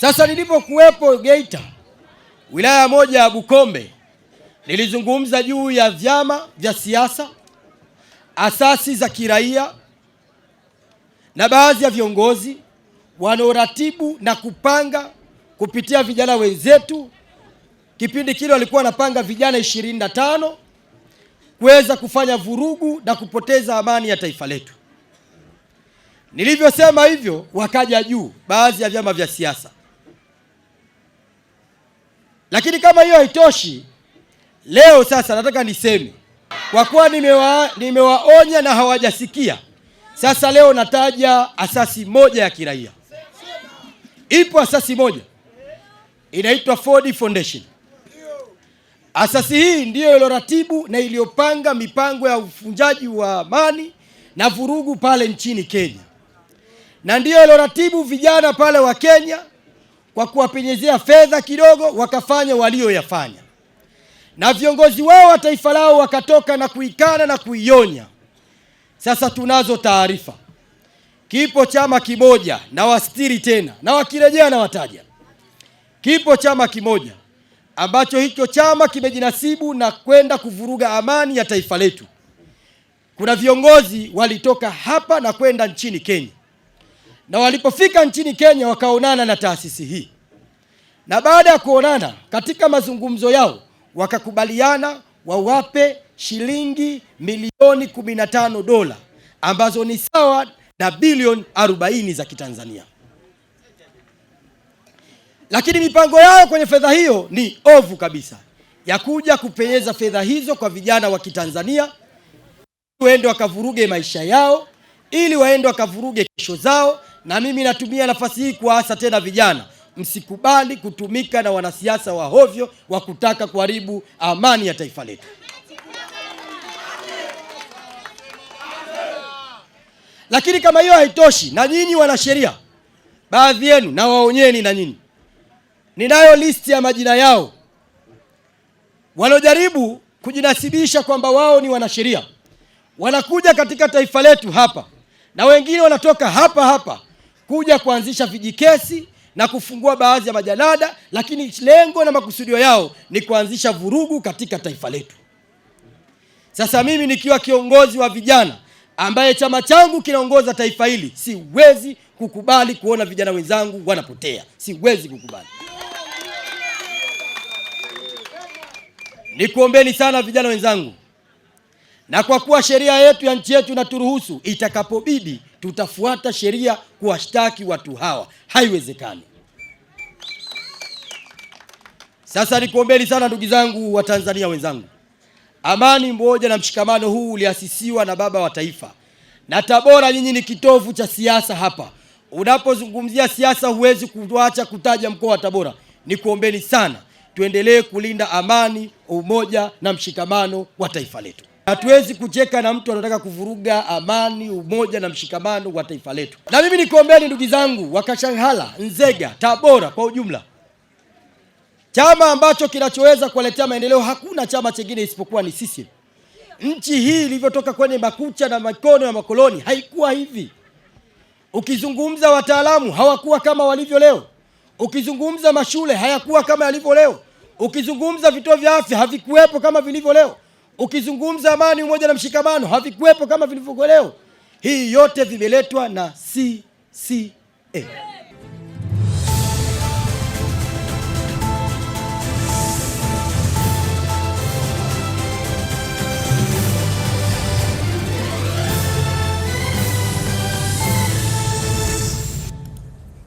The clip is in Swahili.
Sasa nilipokuwepo Geita, wilaya moja ya Bukombe, nilizungumza juu ya vyama vya siasa, asasi za kiraia na baadhi ya viongozi wanaoratibu na kupanga kupitia vijana wenzetu. Kipindi kile walikuwa wanapanga vijana ishirini na tano kuweza kufanya vurugu na kupoteza amani ya taifa letu. Nilivyosema hivyo, wakaja juu baadhi ya vyama vya siasa lakini kama hiyo haitoshi, leo sasa nataka niseme kwa kuwa nimewa, nimewaonya na hawajasikia. Sasa leo nataja asasi moja ya kiraia. Ipo asasi moja inaitwa Ford Foundation. Asasi hii ndiyo iliyoratibu na iliyopanga mipango ya uvunjaji wa amani na vurugu pale nchini Kenya, na ndiyo iliyoratibu vijana pale wa Kenya kwa kuwapenyezea fedha kidogo, wakafanya walioyafanya, na viongozi wao wa taifa lao wakatoka na kuikana na kuionya. Sasa tunazo taarifa, kipo chama kimoja na wastiri tena, na wakirejea na wataja, kipo chama kimoja ambacho hicho chama kimejinasibu na kwenda kuvuruga amani ya taifa letu. Kuna viongozi walitoka hapa na kwenda nchini Kenya, na walipofika nchini Kenya wakaonana na taasisi hii na baada ya kuonana katika mazungumzo yao wakakubaliana wawape shilingi milioni 15 dola ambazo ni sawa na bilioni 40 za Kitanzania. Lakini mipango yao kwenye fedha hiyo ni ovu kabisa, ya kuja kupenyeza fedha hizo kwa vijana wa Kitanzania waende wakavuruge maisha yao, ili waende wakavuruge kesho zao. Na mimi natumia nafasi hii kuwaasa tena vijana msikubali kutumika na wanasiasa wa hovyo wa kutaka kuharibu amani ya taifa letu. Lakini kama hiyo haitoshi, na nyinyi wanasheria, baadhi yenu nawaonyeni, na nyinyi ninayo listi ya majina yao waliojaribu kujinasibisha kwamba wao ni wanasheria, wanakuja katika taifa letu hapa, na wengine wanatoka hapa hapa kuja kuanzisha vijikesi na kufungua baadhi ya majalada, lakini lengo na makusudio yao ni kuanzisha vurugu katika taifa letu. Sasa mimi nikiwa kiongozi wa vijana ambaye chama changu kinaongoza taifa hili, siwezi kukubali kuona vijana wenzangu wanapotea, siwezi kukubali. Nikuombeni sana vijana wenzangu, na kwa kuwa sheria yetu ya nchi yetu inaturuhusu, itakapobidi tutafuata sheria kuwashtaki watu hawa. Haiwezekani. Sasa nikuombeni sana ndugu zangu wa Tanzania wenzangu, amani, umoja na mshikamano huu uliasisiwa na baba wa taifa, na Tabora nyinyi ni kitovu cha siasa hapa. Unapozungumzia siasa, huwezi kuacha kutaja mkoa wa Tabora. Nikuombeni sana tuendelee kulinda amani, umoja na mshikamano wa taifa letu. Hatuwezi kucheka na mtu anataka kuvuruga amani, umoja na mshikamano wa taifa letu. Na mimi nikuombeni ndugu zangu wa Kashanghala, Nzega, Tabora kwa ujumla, chama ambacho kinachoweza kuwaletea maendeleo hakuna chama chengine isipokuwa ni sisi. Nchi hii ilivyotoka kwenye makucha na mikono ya makoloni haikuwa hivi. Ukizungumza wataalamu hawakuwa kama walivyo leo. Ukizungumza mashule hayakuwa kama yalivyo leo. Ukizungumza vituo vya afya havikuwepo kama vilivyo leo ukizungumza amani, umoja na mshikamano havikuwepo kama vilivyokuwa leo. Hii yote vimeletwa na CCA.